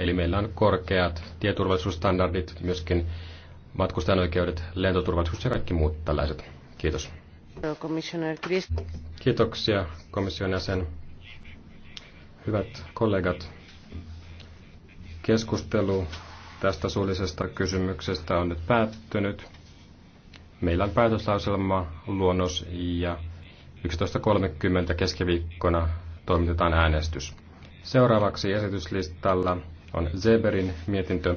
Eli meillä on korkeat tieturvallisuusstandardit, myöskin matkustajan oikeudet, lentoturvallisuus ja kaikki muut tällaiset. Kiitos. Kiitoksia komission jäsen. Hyvät kollegat, keskustelu tästä suullisesta kysymyksestä on nyt päättynyt. Meillä on päätöslauselma, luonnos ja 11.30 keskiviikkona toimitetaan äänestys. Seuraavaksi esityslistalla on Zeberin mietintö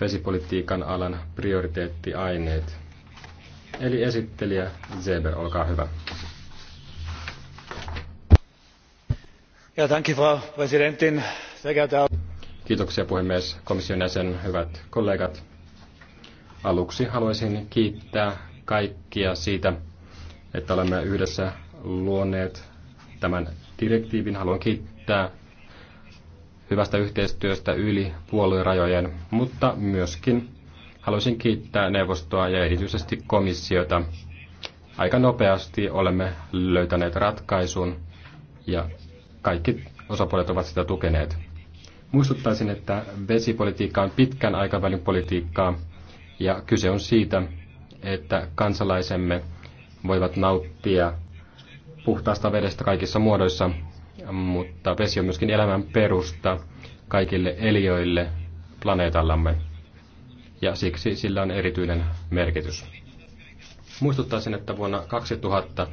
vesipolitiikan alan prioriteettiaineet. Eli esittelijä Zeber, olkaa hyvä. Ja, Frau Präsidentin. Kiitoksia puhemies, komission jäsen, hyvät kollegat. Aluksi haluaisin kiittää kaikkia siitä, että olemme yhdessä luoneet tämän direktiivin. Haluan kiittää hyvästä yhteistyöstä yli puoluerajojen, mutta myöskin haluaisin kiittää neuvostoa ja erityisesti komissiota. Aika nopeasti olemme löytäneet ratkaisun ja kaikki osapuolet ovat sitä tukeneet. Muistuttaisin, että vesipolitiikka on pitkän aikavälin politiikkaa ja kyse on siitä, että kansalaisemme voivat nauttia puhtaasta vedestä kaikissa muodoissa mutta vesi on myöskin elämän perusta kaikille eliöille planeetallamme, ja siksi sillä on erityinen merkitys. Muistuttaisin, että vuonna 2000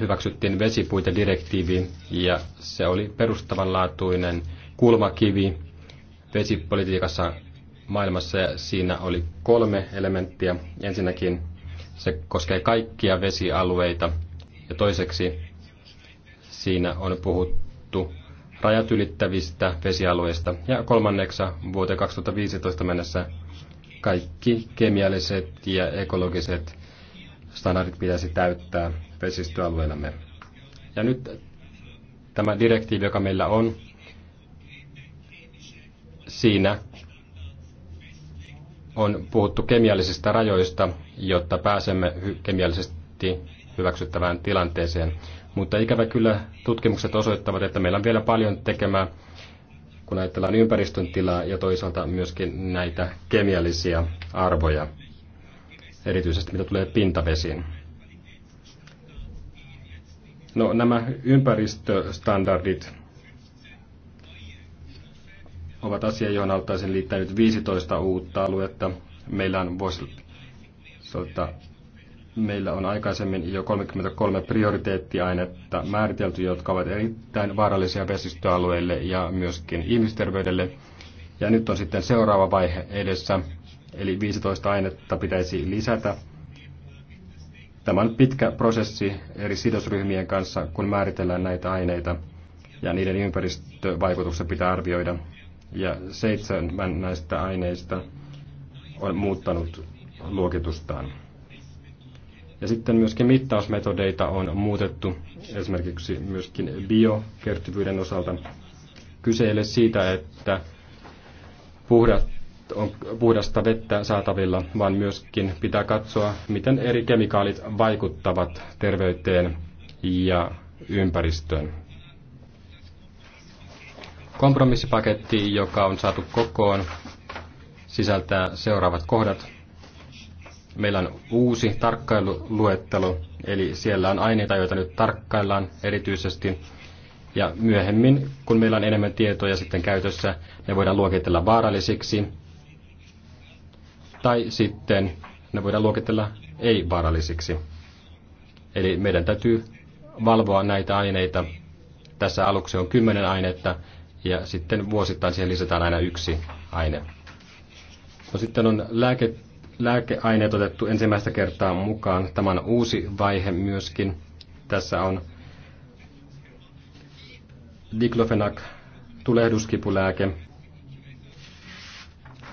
hyväksyttiin vesipuitedirektiivi, ja se oli perustavanlaatuinen kulmakivi vesipolitiikassa maailmassa, ja siinä oli kolme elementtiä. Ensinnäkin se koskee kaikkia vesialueita, ja toiseksi Siinä on puhuttu rajat ylittävistä vesialueista. Ja kolmanneksa vuoteen 2015 mennessä kaikki kemialliset ja ekologiset standardit pitäisi täyttää vesistöalueillamme. Ja nyt tämä direktiivi, joka meillä on, siinä on puhuttu kemiallisista rajoista, jotta pääsemme kemiallisesti hyväksyttävään tilanteeseen. Mutta ikävä kyllä tutkimukset osoittavat, että meillä on vielä paljon tekemää, kun ajatellaan ympäristön tilaa ja toisaalta myöskin näitä kemiallisia arvoja, erityisesti mitä tulee pintavesiin. No nämä ympäristöstandardit ovat asia, johon auttaisin liittää nyt 15 uutta aluetta. Meillä on vuosilta Meillä on aikaisemmin jo 33 prioriteettiainetta määritelty, jotka ovat erittäin vaarallisia vesistöalueille ja myöskin ihmisterveydelle. Ja nyt on sitten seuraava vaihe edessä, eli 15 ainetta pitäisi lisätä. Tämä on pitkä prosessi eri sidosryhmien kanssa, kun määritellään näitä aineita ja niiden ympäristövaikutukset pitää arvioida. Ja seitsemän näistä aineista on muuttanut luokitustaan. Ja sitten myöskin mittausmetodeita on muutettu, esimerkiksi myöskin biokertyvyyden osalta. Kyse ei ole siitä, että puhdat, on puhdasta vettä saatavilla, vaan myöskin pitää katsoa, miten eri kemikaalit vaikuttavat terveyteen ja ympäristöön. Kompromissipaketti, joka on saatu kokoon, sisältää seuraavat kohdat. Meillä on uusi tarkkailuluettelo, eli siellä on aineita, joita nyt tarkkaillaan erityisesti. Ja myöhemmin, kun meillä on enemmän tietoja sitten käytössä, ne voidaan luokitella vaarallisiksi. Tai sitten ne voidaan luokitella ei-vaarallisiksi. Eli meidän täytyy valvoa näitä aineita. Tässä aluksi on kymmenen ainetta ja sitten vuosittain siihen lisätään aina yksi aine. No sitten on lääket lääkeaineet otettu ensimmäistä kertaa mukaan. Tämä on uusi vaihe myöskin. Tässä on diklofenak tulehduskipulääke.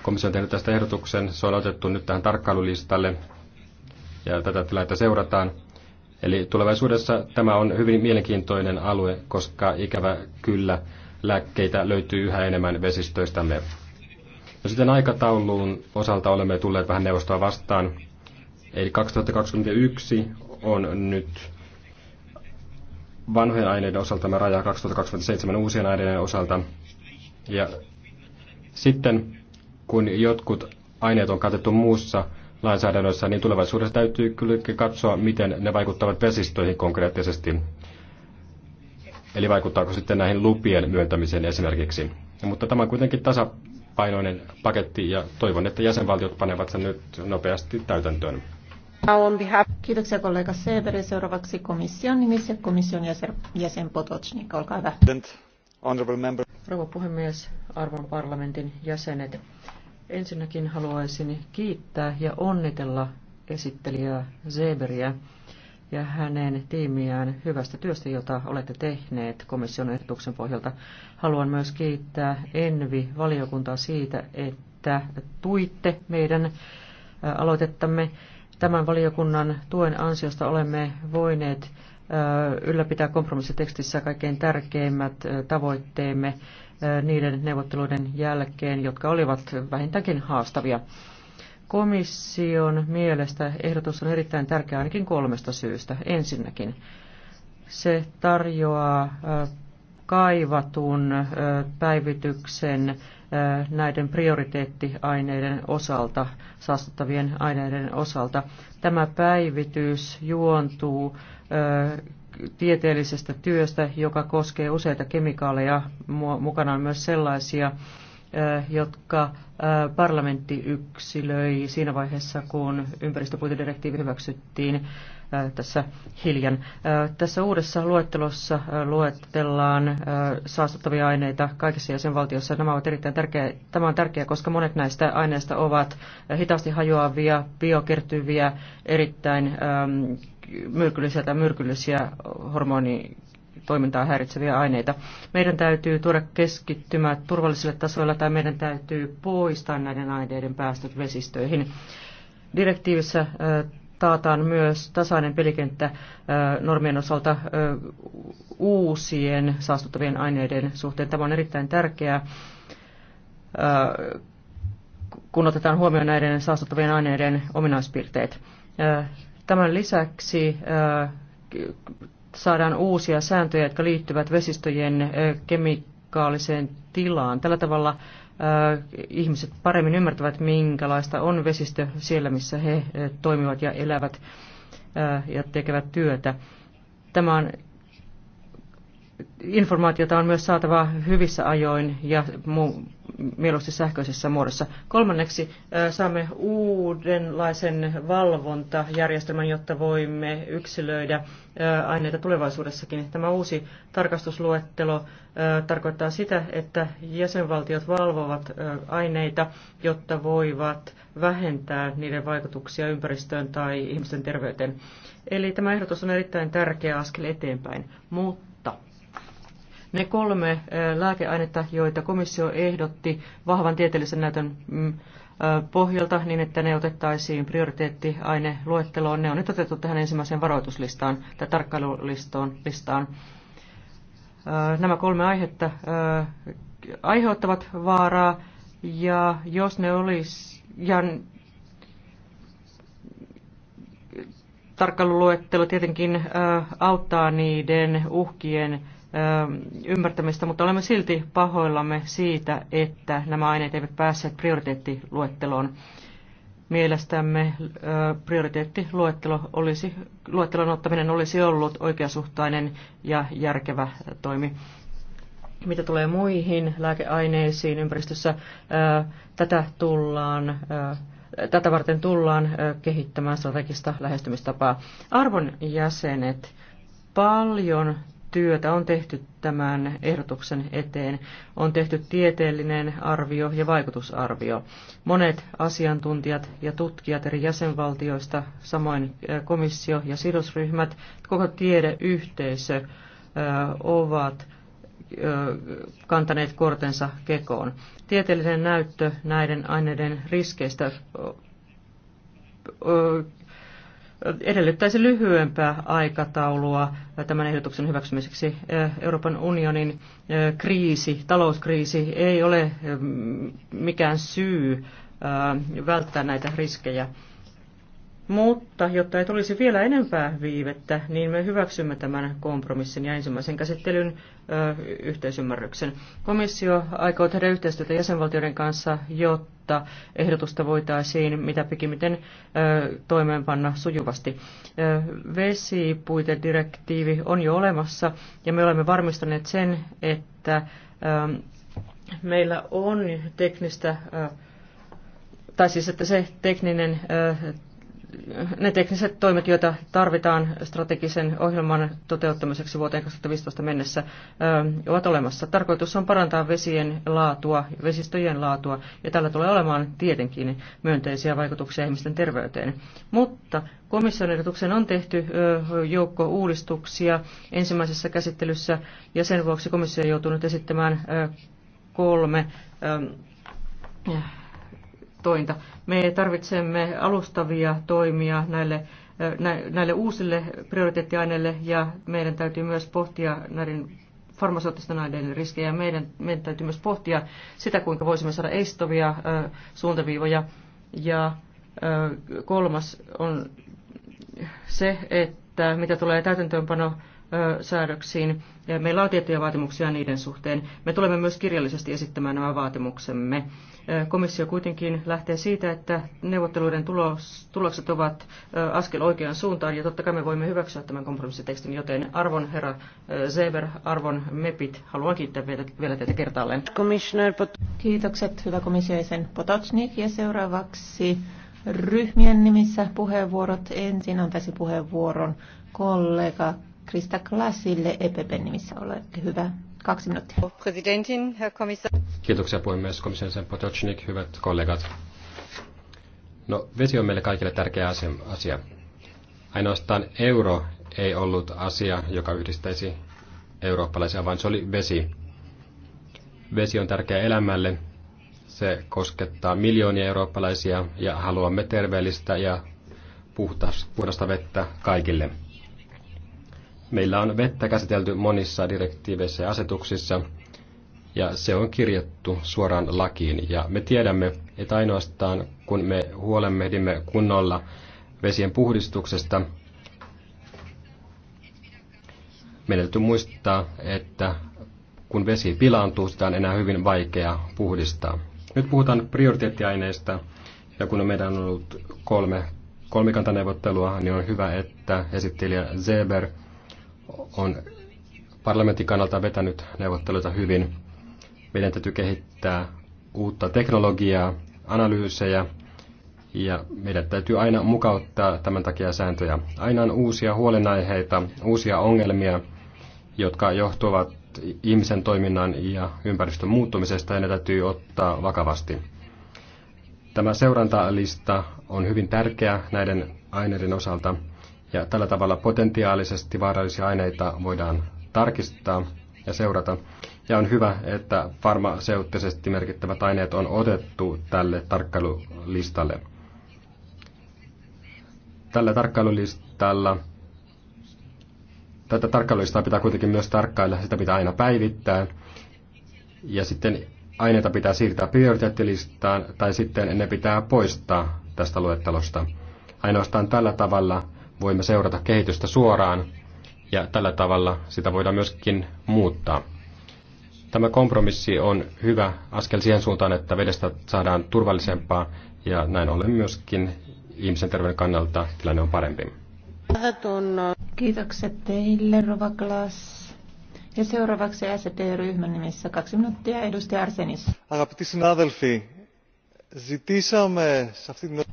Komissio on tehnyt tästä ehdotuksen. Se on otettu nyt tähän tarkkailulistalle ja tätä tilannetta seurataan. Eli tulevaisuudessa tämä on hyvin mielenkiintoinen alue, koska ikävä kyllä lääkkeitä löytyy yhä enemmän vesistöistämme. No sitten aikatauluun osalta olemme tulleet vähän neuvostoa vastaan. Eli 2021 on nyt vanhojen aineiden osalta tämä raja, 2027 uusien aineiden osalta. Ja sitten kun jotkut aineet on katettu muussa lainsäädännössä, niin tulevaisuudessa täytyy kyllä katsoa, miten ne vaikuttavat vesistöihin konkreettisesti. Eli vaikuttaako sitten näihin lupien myöntämiseen esimerkiksi. Mutta tämä on kuitenkin tasa painoinen paketti ja toivon, että jäsenvaltiot panevat sen nyt nopeasti täytäntöön. Kiitoksia kollega Seberi. Seuraavaksi komission nimissä komission jäsen, jäsen Potocnik. Olkaa hyvä. Rouva puhemies, arvon parlamentin jäsenet. Ensinnäkin haluaisin kiittää ja onnitella esittelijää Zeberiä ja hänen tiimiään hyvästä työstä, jota olette tehneet komission ehdotuksen pohjalta. Haluan myös kiittää Envi-valiokuntaa siitä, että tuitte meidän aloitettamme. Tämän valiokunnan tuen ansiosta olemme voineet ylläpitää kompromissitekstissä kaikkein tärkeimmät tavoitteemme niiden neuvotteluiden jälkeen, jotka olivat vähintäänkin haastavia. Komission mielestä ehdotus on erittäin tärkeä ainakin kolmesta syystä. Ensinnäkin se tarjoaa kaivatun päivityksen näiden prioriteettiaineiden osalta, saastuttavien aineiden osalta. Tämä päivitys juontuu tieteellisestä työstä, joka koskee useita kemikaaleja. Mukana on myös sellaisia jotka parlamentti yksilöi siinä vaiheessa, kun ympäristöpuitedirektiivi hyväksyttiin tässä hiljan. Tässä uudessa luettelossa luettellaan saastuttavia aineita kaikissa jäsenvaltioissa. Nämä ovat erittäin tärkeä, tämä on tärkeää, koska monet näistä aineista ovat hitaasti hajoavia, biokertyviä, erittäin myrkyllisiä tai myrkyllisiä hormoni toimintaa häiritseviä aineita. Meidän täytyy tuoda keskittymät turvallisille tasoilla tai meidän täytyy poistaa näiden aineiden päästöt vesistöihin. Direktiivissä taataan myös tasainen pelikenttä normien osalta uusien saastuttavien aineiden suhteen. Tämä on erittäin tärkeää, kun otetaan huomioon näiden saastuttavien aineiden ominaispiirteet. Tämän lisäksi saadaan uusia sääntöjä, jotka liittyvät vesistöjen kemikaaliseen tilaan. Tällä tavalla ihmiset paremmin ymmärtävät, minkälaista on vesistö siellä, missä he toimivat ja elävät ja tekevät työtä. Tämä on informaatiota on myös saatava hyvissä ajoin ja muu, mieluusti sähköisessä muodossa. Kolmanneksi saamme uudenlaisen valvontajärjestelmän, jotta voimme yksilöidä aineita tulevaisuudessakin. Tämä uusi tarkastusluettelo tarkoittaa sitä, että jäsenvaltiot valvovat aineita, jotta voivat vähentää niiden vaikutuksia ympäristöön tai ihmisten terveyteen. Eli tämä ehdotus on erittäin tärkeä askel eteenpäin, mutta ne kolme lääkeainetta, joita komissio ehdotti vahvan tieteellisen näytön mm, pohjalta niin, että ne otettaisiin prioriteettiaine luetteloon. ne on nyt otettu tähän ensimmäiseen varoituslistaan tai tarkkailulistoon Listaan. Nämä kolme aihetta aiheuttavat vaaraa ja jos ne olisi, ja tarkkailuluettelo tietenkin auttaa niiden uhkien ymmärtämistä, mutta olemme silti pahoillamme siitä, että nämä aineet eivät päässeet prioriteettiluetteloon. Mielestämme prioriteettiluettelo olisi, luettelon ottaminen olisi ollut oikeasuhtainen ja järkevä toimi. Mitä tulee muihin lääkeaineisiin ympäristössä, tätä, tullaan, tätä varten tullaan kehittämään strategista lähestymistapaa. Arvon jäsenet, paljon työtä on tehty tämän ehdotuksen eteen. On tehty tieteellinen arvio ja vaikutusarvio. Monet asiantuntijat ja tutkijat eri jäsenvaltioista, samoin äh, komissio ja sidosryhmät, koko tiedeyhteisö äh, ovat äh, kantaneet kortensa kekoon. Tieteellinen näyttö näiden aineiden riskeistä edellyttäisi lyhyempää aikataulua tämän ehdotuksen hyväksymiseksi. Euroopan unionin kriisi, talouskriisi ei ole mikään syy välttää näitä riskejä. Mutta jotta ei tulisi vielä enempää viivettä, niin me hyväksymme tämän kompromissin ja ensimmäisen käsittelyn ö, yhteisymmärryksen. Komissio aikoo tehdä yhteistyötä jäsenvaltioiden kanssa, jotta ehdotusta voitaisiin mitä pikimmiten ö, toimeenpanna sujuvasti. Ö, vesipuitedirektiivi on jo olemassa ja me olemme varmistaneet sen, että ö, meillä on teknistä, ö, tai siis että se tekninen ö, ne tekniset toimet, joita tarvitaan strategisen ohjelman toteuttamiseksi vuoteen 2015 mennessä, ovat olemassa. Tarkoitus on parantaa vesien laatua, vesistöjen laatua, ja tällä tulee olemaan tietenkin myönteisiä vaikutuksia ihmisten terveyteen. Mutta komission ehdotuksen on tehty joukko uudistuksia ensimmäisessä käsittelyssä, ja sen vuoksi komissio on joutunut esittämään kolme tointa. Me tarvitsemme alustavia toimia näille, näille uusille prioriteettiaineille ja meidän täytyy myös pohtia näiden farmaseuttisten aineiden riskejä. Meidän, meidän täytyy myös pohtia sitä, kuinka voisimme saada estovia suuntaviivoja. Ja kolmas on se, että mitä tulee täytäntöönpano säädöksiin. Meillä on tiettyjä vaatimuksia niiden suhteen. Me tulemme myös kirjallisesti esittämään nämä vaatimuksemme. Komissio kuitenkin lähtee siitä, että neuvotteluiden tulokset ovat askel oikeaan suuntaan, ja totta kai me voimme hyväksyä tämän kompromissitekstin, joten arvon herra Zeber, arvon MEPit, haluan kiittää vielä teitä kertaalleen. Kiitokset, hyvä komissioisen Potocnik, ja seuraavaksi ryhmien nimissä puheenvuorot. Ensin antaisi puheenvuoron kollega Krista Klassille EPPn nimissä. Ole hyvä. Kaksi minuuttia. Presidentin, herr Kiitoksia puhemies, komissaari Potocnik, hyvät kollegat. No, vesi on meille kaikille tärkeä asia. Ainoastaan euro ei ollut asia, joka yhdistäisi eurooppalaisia, vaan se oli vesi. Vesi on tärkeä elämälle. Se koskettaa miljoonia eurooppalaisia ja haluamme terveellistä ja puhdasta vettä kaikille. Meillä on vettä käsitelty monissa direktiiveissä ja asetuksissa, ja se on kirjattu suoraan lakiin. Ja me tiedämme, että ainoastaan kun me huolemmehdimme kunnolla vesien puhdistuksesta, meidän täytyy muistaa, että kun vesi pilaantuu, sitä on enää hyvin vaikea puhdistaa. Nyt puhutaan prioriteettiaineista, ja kun meidän on ollut kolme kolmikantaneuvottelua, niin on hyvä, että esittelijä Zeber – on parlamentin kannalta vetänyt neuvotteluita hyvin. Meidän täytyy kehittää uutta teknologiaa, analyysejä ja meidän täytyy aina mukauttaa tämän takia sääntöjä. Aina on uusia huolenaiheita, uusia ongelmia, jotka johtuvat ihmisen toiminnan ja ympäristön muuttumisesta ja ne täytyy ottaa vakavasti. Tämä seurantalista on hyvin tärkeä näiden aineiden osalta. Ja tällä tavalla potentiaalisesti vaarallisia aineita voidaan tarkistaa ja seurata. Ja on hyvä, että farmaseuttisesti merkittävät aineet on otettu tälle tarkkailulistalle. Tällä tarkkailulistalla tätä tarkkailulistaa pitää kuitenkin myös tarkkailla, sitä pitää aina päivittää. Ja sitten aineita pitää siirtää prioriteettilistaan tai sitten ne pitää poistaa tästä luettelosta. Ainoastaan tällä tavalla voimme seurata kehitystä suoraan ja tällä tavalla sitä voidaan myöskin muuttaa. Tämä kompromissi on hyvä askel siihen suuntaan, että vedestä saadaan turvallisempaa ja näin ollen myöskin ihmisen terveyden kannalta tilanne on parempi. Kiitokset teille, Rova Glass. Ja seuraavaksi ST-ryhmän nimissä kaksi minuuttia edustaja Arsenis. Arvoisa Adelfi.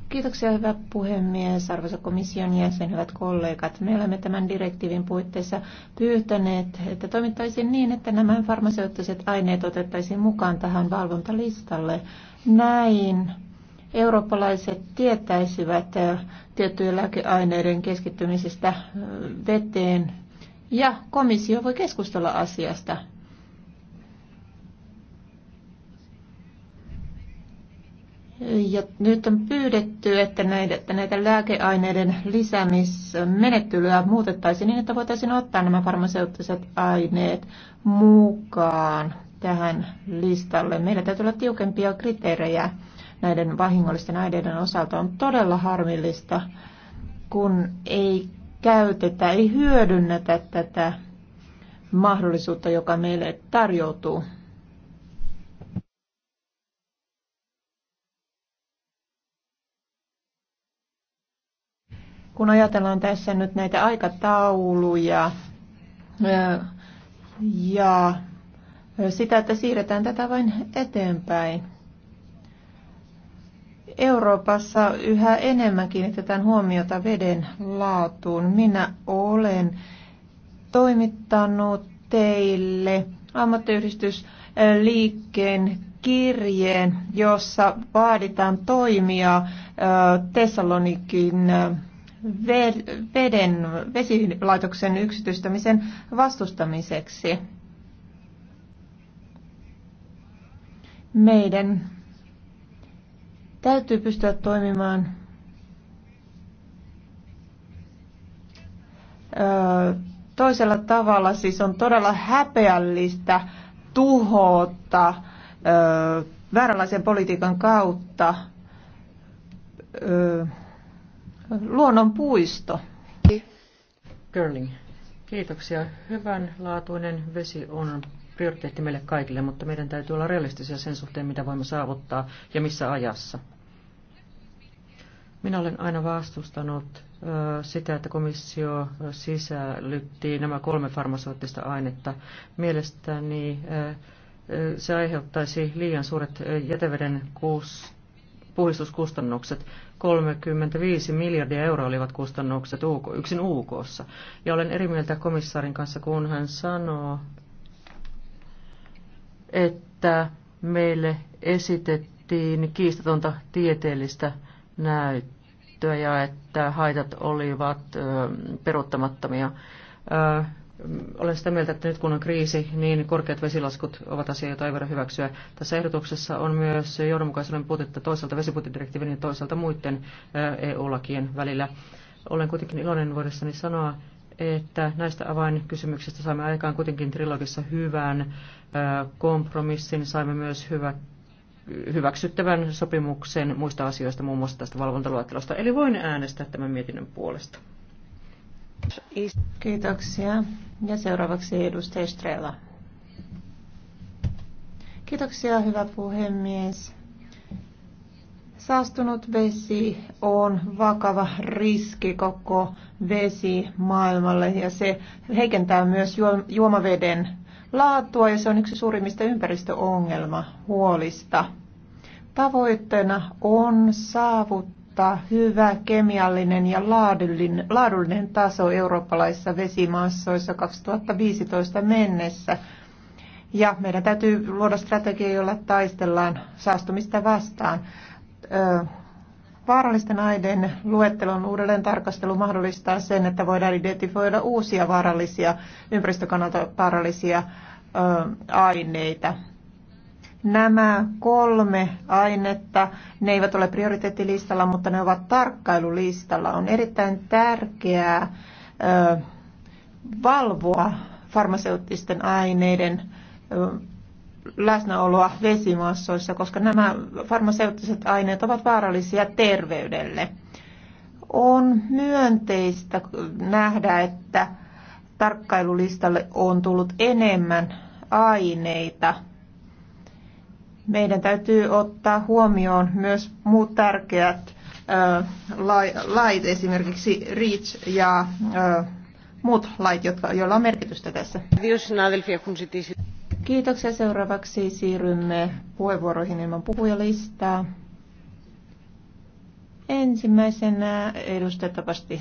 Kiitoksia hyvä puhemies, arvoisa komission jäsen, hyvät kollegat. Me olemme tämän direktiivin puitteissa pyytäneet, että toimittaisiin niin, että nämä farmaseuttiset aineet otettaisiin mukaan tähän valvontalistalle. Näin eurooppalaiset tietäisivät tiettyjen lääkeaineiden keskittymisestä veteen ja komissio voi keskustella asiasta Ja nyt on pyydetty, että näitä, että näitä lääkeaineiden lisäämismenettelyä muutettaisiin niin, että voitaisiin ottaa nämä farmaseuttiset aineet mukaan tähän listalle. Meillä täytyy olla tiukempia kriteerejä näiden vahingollisten aineiden osalta. On todella harmillista, kun ei käytetä, ei hyödynnetä tätä mahdollisuutta, joka meille tarjoutuu. Kun ajatellaan tässä nyt näitä aikatauluja ja sitä, että siirretään tätä vain eteenpäin, Euroopassa yhä enemmän kiinnitetään huomiota veden laatuun. Minä olen toimittanut teille ammattiyhdistysliikkeen kirjeen, jossa vaaditaan toimia Tessalonikin veden, vesilaitoksen yksityistämisen vastustamiseksi. Meidän täytyy pystyä toimimaan toisella tavalla. Siis on todella häpeällistä tuhota vääränlaisen politiikan kautta luonnonpuisto. Girling. Kiitoksia. Hyvänlaatuinen vesi on prioriteetti meille kaikille, mutta meidän täytyy olla realistisia sen suhteen, mitä voimme saavuttaa ja missä ajassa. Minä olen aina vastustanut sitä, että komissio sisällytti nämä kolme farmaseuttista ainetta. Mielestäni se aiheuttaisi liian suuret jäteveden puhdistuskustannukset. 35 miljardia euroa olivat kustannukset UK, yksin UKssa. Ja olen eri mieltä komissaarin kanssa, kun hän sanoo, että meille esitettiin kiistatonta tieteellistä näyttöä ja että haitat olivat ö, peruuttamattomia. Ö, olen sitä mieltä, että nyt kun on kriisi, niin korkeat vesilaskut ovat asia, jota ei voida hyväksyä. Tässä ehdotuksessa on myös johdonmukaisuuden puutetta toisaalta vesiputidirektiivin ja toisaalta muiden EU-lakien välillä. Olen kuitenkin iloinen voidessani sanoa, että näistä avainkysymyksistä saimme aikaan kuitenkin trilogissa hyvän kompromissin. Saimme myös hyvä, hyväksyttävän sopimuksen muista asioista, muun muassa tästä valvontaluettelosta. Eli voin äänestää tämän mietinnön puolesta. Kiitoksia. Ja seuraavaksi edustaja Estrella. Kiitoksia, hyvä puhemies. Saastunut vesi on vakava riski koko vesi maailmalle ja se heikentää myös juomaveden laatua ja se on yksi suurimmista ympäristöongelma huolista. Tavoitteena on saavuttaa saavuttaa hyvä kemiallinen ja laadullinen, laadullinen taso eurooppalaisissa vesimassoissa 2015 mennessä. Ja meidän täytyy luoda strategia, jolla taistellaan saastumista vastaan. Ö, vaarallisten aineiden luettelon uudelleen tarkastelu mahdollistaa sen, että voidaan identifioida uusia vaarallisia, ympäristökannalta vaarallisia ö, aineita. Nämä kolme ainetta, ne eivät ole prioriteettilistalla, mutta ne ovat tarkkailulistalla. On erittäin tärkeää ö, valvoa farmaseuttisten aineiden ö, läsnäoloa vesimassoissa, koska nämä farmaseuttiset aineet ovat vaarallisia terveydelle. On myönteistä nähdä, että tarkkailulistalle on tullut enemmän aineita meidän täytyy ottaa huomioon myös muut tärkeät lait, esimerkiksi REACH ja muut lait, jotka, joilla on merkitystä tässä. Kiitoksia. Seuraavaksi siirrymme puheenvuoroihin ilman puhujalistaa. Ensimmäisenä edustaja Tapasti.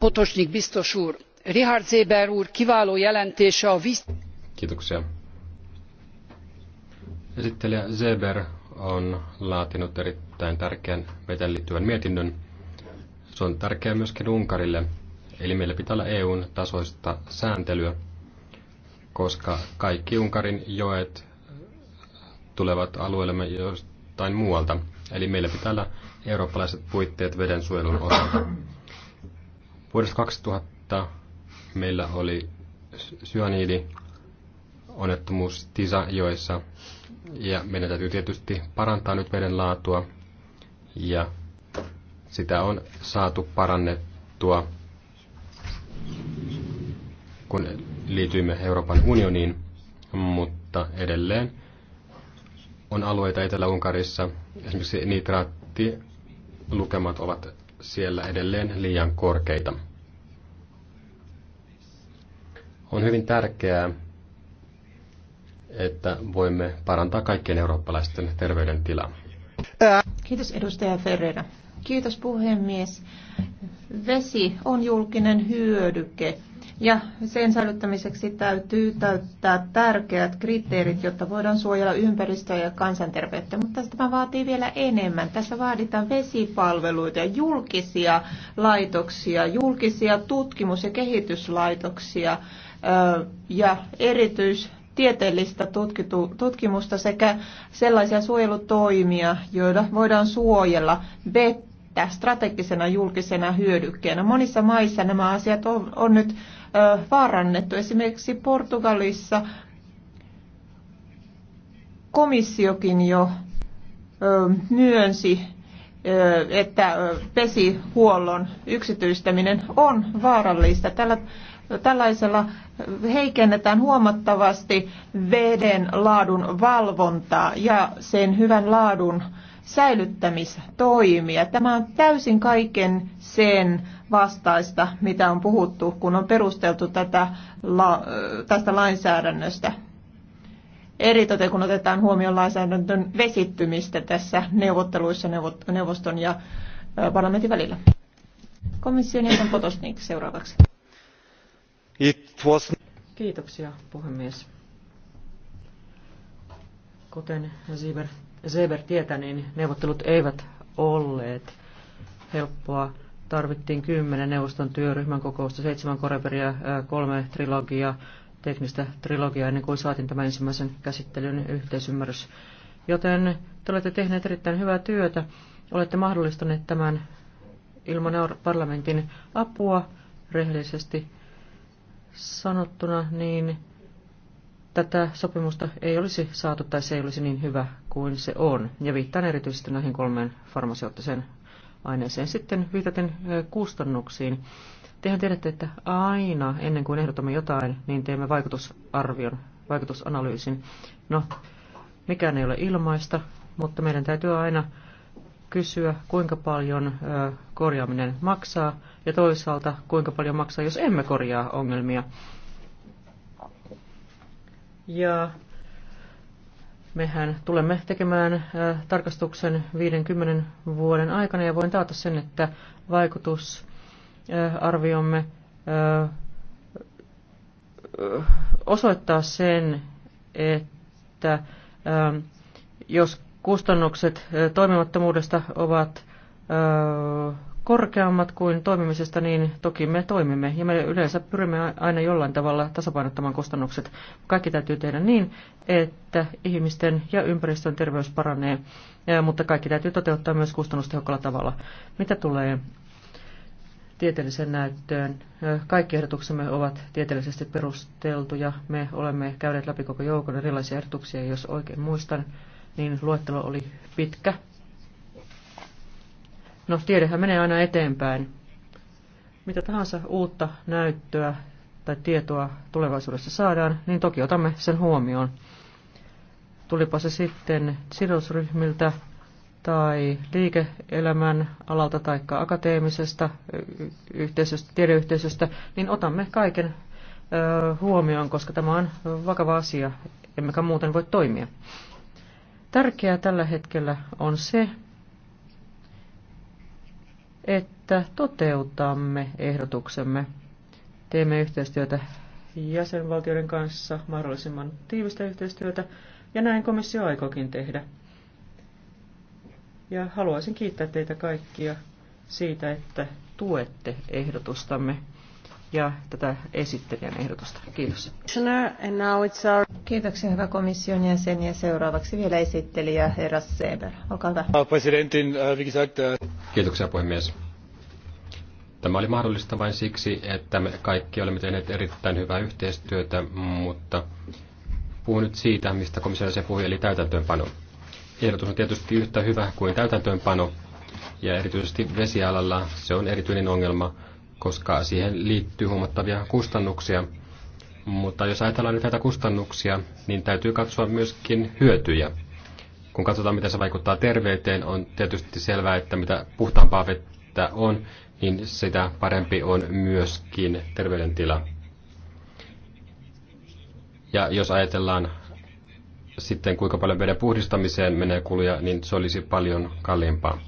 Potosnik Bistosur, Richard Zeber, Kivalo, kiváló jelentése a víz... Kiitoksia Esittelijä Zeber on laatinut erittäin tärkeän meidän liittyvän mietinnön. Se on tärkeä myöskin Unkarille, eli meillä pitää olla EUn tasoista sääntelyä, koska kaikki Unkarin joet tulevat alueellemme jostain muualta. Eli meillä pitää olla eurooppalaiset puitteet vedensuojelun osalta. Vuodesta 2000 meillä oli syöniidi onnettomuus Tisa-joissa ja meidän täytyy tietysti parantaa nyt veden laatua ja sitä on saatu parannettua, kun liityimme Euroopan unioniin, mutta edelleen on alueita Etelä-Unkarissa, esimerkiksi nitraattilukemat ovat siellä edelleen liian korkeita. On hyvin tärkeää, että voimme parantaa kaikkien eurooppalaisten terveydentilaa. Kiitos edustaja Ferreira. Kiitos puhemies. Vesi on julkinen hyödyke ja sen säilyttämiseksi täytyy täyttää tärkeät kriteerit, jotta voidaan suojella ympäristöä ja kansanterveyttä. Mutta tämä vaatii vielä enemmän. Tässä vaaditaan vesipalveluita, julkisia laitoksia, julkisia tutkimus- ja kehityslaitoksia ja erityis tieteellistä tutkimusta sekä sellaisia suojelutoimia, joita voidaan suojella vettä strategisena julkisena hyödykkeenä. Monissa maissa nämä asiat on, on nyt ö, vaarannettu. Esimerkiksi Portugalissa komissiokin jo ö, myönsi, ö, että vesihuollon yksityistäminen on vaarallista. Tällä No, tällaisella heikennetään huomattavasti veden laadun valvontaa ja sen hyvän laadun säilyttämistoimia. Tämä on täysin kaiken sen vastaista, mitä on puhuttu, kun on perusteltu tätä, tästä lainsäädännöstä. Eritoten kun otetaan huomioon lainsäädännön vesittymistä tässä neuvotteluissa neuvoston ja parlamentin välillä. Komission jäsen Potosnik seuraavaksi. Kiitoksia, puhemies. Kuten Zeber, Zeber tietää, niin neuvottelut eivät olleet helppoa. Tarvittiin kymmenen neuvoston työryhmän kokousta, seitsemän koreperia, kolme trilogiaa, teknistä trilogiaa ennen kuin saatiin tämän ensimmäisen käsittelyn yhteisymmärrys. Joten te olette tehneet erittäin hyvää työtä. Olette mahdollistaneet tämän ilman parlamentin apua rehellisesti sanottuna, niin tätä sopimusta ei olisi saatu tai se ei olisi niin hyvä kuin se on. Ja viittaan erityisesti näihin kolmeen farmaseuttiseen aineeseen. Sitten viitaten kustannuksiin. Tehän tiedätte, että aina ennen kuin ehdotamme jotain, niin teemme vaikutusarvion, vaikutusanalyysin. No, mikään ei ole ilmaista, mutta meidän täytyy aina kysyä, kuinka paljon korjaaminen maksaa ja toisaalta kuinka paljon maksaa, jos emme korjaa ongelmia. Ja mehän tulemme tekemään tarkastuksen 50 vuoden aikana ja voin taata sen, että vaikutusarviomme osoittaa sen, että jos kustannukset toimimattomuudesta ovat korkeammat kuin toimimisesta, niin toki me toimimme. Ja me yleensä pyrimme aina jollain tavalla tasapainottamaan kustannukset. Kaikki täytyy tehdä niin, että ihmisten ja ympäristön terveys paranee, mutta kaikki täytyy toteuttaa myös kustannustehokkaalla tavalla. Mitä tulee tieteelliseen näyttöön. Kaikki ehdotuksemme ovat tieteellisesti perusteltuja. Me olemme käyneet läpi koko joukon erilaisia ehdotuksia, jos oikein muistan niin luettelo oli pitkä. No, tiedehän menee aina eteenpäin. Mitä tahansa uutta näyttöä tai tietoa tulevaisuudessa saadaan, niin toki otamme sen huomioon. Tulipa se sitten sidosryhmiltä tai liike-elämän alalta tai akateemisesta yhteisöstä, tiedeyhteisöstä, niin otamme kaiken huomioon, koska tämä on vakava asia, emmekä muuten voi toimia. Tärkeää tällä hetkellä on se, että toteutamme ehdotuksemme. Teemme yhteistyötä jäsenvaltioiden kanssa, mahdollisimman tiivistä yhteistyötä, ja näin komissio aikookin tehdä. Ja haluaisin kiittää teitä kaikkia siitä, että tuette ehdotustamme ja tätä esittelijän ehdotusta. Kiitos. Kiitoksia hyvä komission jäsen ja seuraavaksi vielä esittelijä herra Seber. Olkaa hyvä. Äh, äh, Kiitoksia puhemies. Tämä oli mahdollista vain siksi, että me kaikki olemme tehneet erittäin hyvää yhteistyötä, mutta puhun nyt siitä, mistä komissio se puhui, eli täytäntöönpano. Ehdotus on tietysti yhtä hyvä kuin täytäntöönpano, ja erityisesti vesialalla se on erityinen ongelma, koska siihen liittyy huomattavia kustannuksia. Mutta jos ajatellaan nyt näitä kustannuksia, niin täytyy katsoa myöskin hyötyjä. Kun katsotaan, miten se vaikuttaa terveyteen, on tietysti selvää, että mitä puhtaampaa vettä on, niin sitä parempi on myöskin terveydentila. Ja jos ajatellaan sitten, kuinka paljon veden puhdistamiseen menee kuluja, niin se olisi paljon kalliimpaa.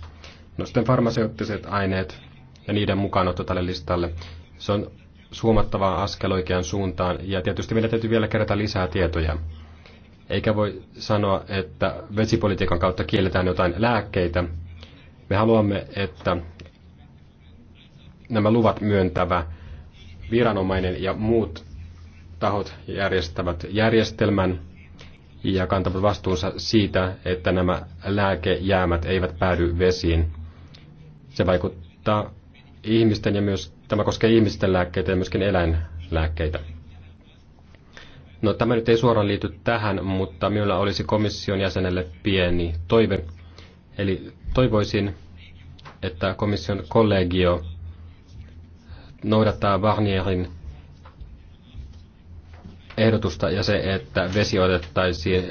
No sitten farmaseuttiset aineet ja niiden mukaanotto tälle listalle. Se on suomattavaa askel oikeaan suuntaan ja tietysti meidän täytyy vielä kerätä lisää tietoja. Eikä voi sanoa, että vesipolitiikan kautta kielletään jotain lääkkeitä. Me haluamme, että nämä luvat myöntävä viranomainen ja muut tahot järjestävät järjestelmän ja kantavat vastuunsa siitä, että nämä lääkejäämät eivät päädy vesiin. Se vaikuttaa ihmisten ja myös, tämä koskee ihmisten lääkkeitä ja myöskin eläinlääkkeitä. No tämä nyt ei suoraan liity tähän, mutta minulla olisi komission jäsenelle pieni toive. Eli toivoisin, että komission kollegio noudattaa Varnierin ehdotusta ja se, että vesi otettaisiin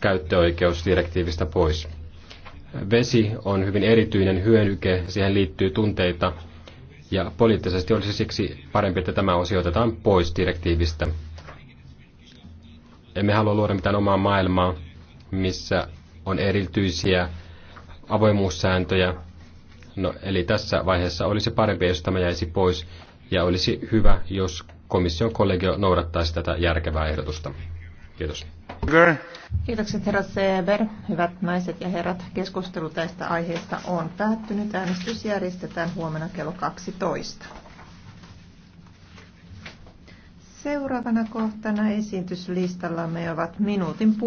käyttöoikeusdirektiivistä pois. Vesi on hyvin erityinen hyödyke, siihen liittyy tunteita, ja poliittisesti olisi siksi parempi, että tämä osio otetaan pois direktiivistä. Emme halua luoda mitään omaa maailmaa, missä on erityisiä avoimuussääntöjä. No, eli tässä vaiheessa olisi parempi, jos tämä jäisi pois, ja olisi hyvä, jos komission kollegio noudattaisi tätä järkevää ehdotusta. Kiitos. Kiitokset herra Seber. Hyvät naiset ja herrat, keskustelu tästä aiheesta on päättynyt. Äänestys järjestetään huomenna kello 12. Seuraavana kohtana esiintyslistallamme ovat minuutin pu-